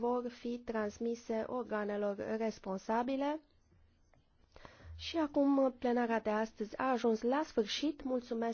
vor fi transmise organelor responsabile. Și acum plenara de astăzi a ajuns la sfârșit. Mulțumesc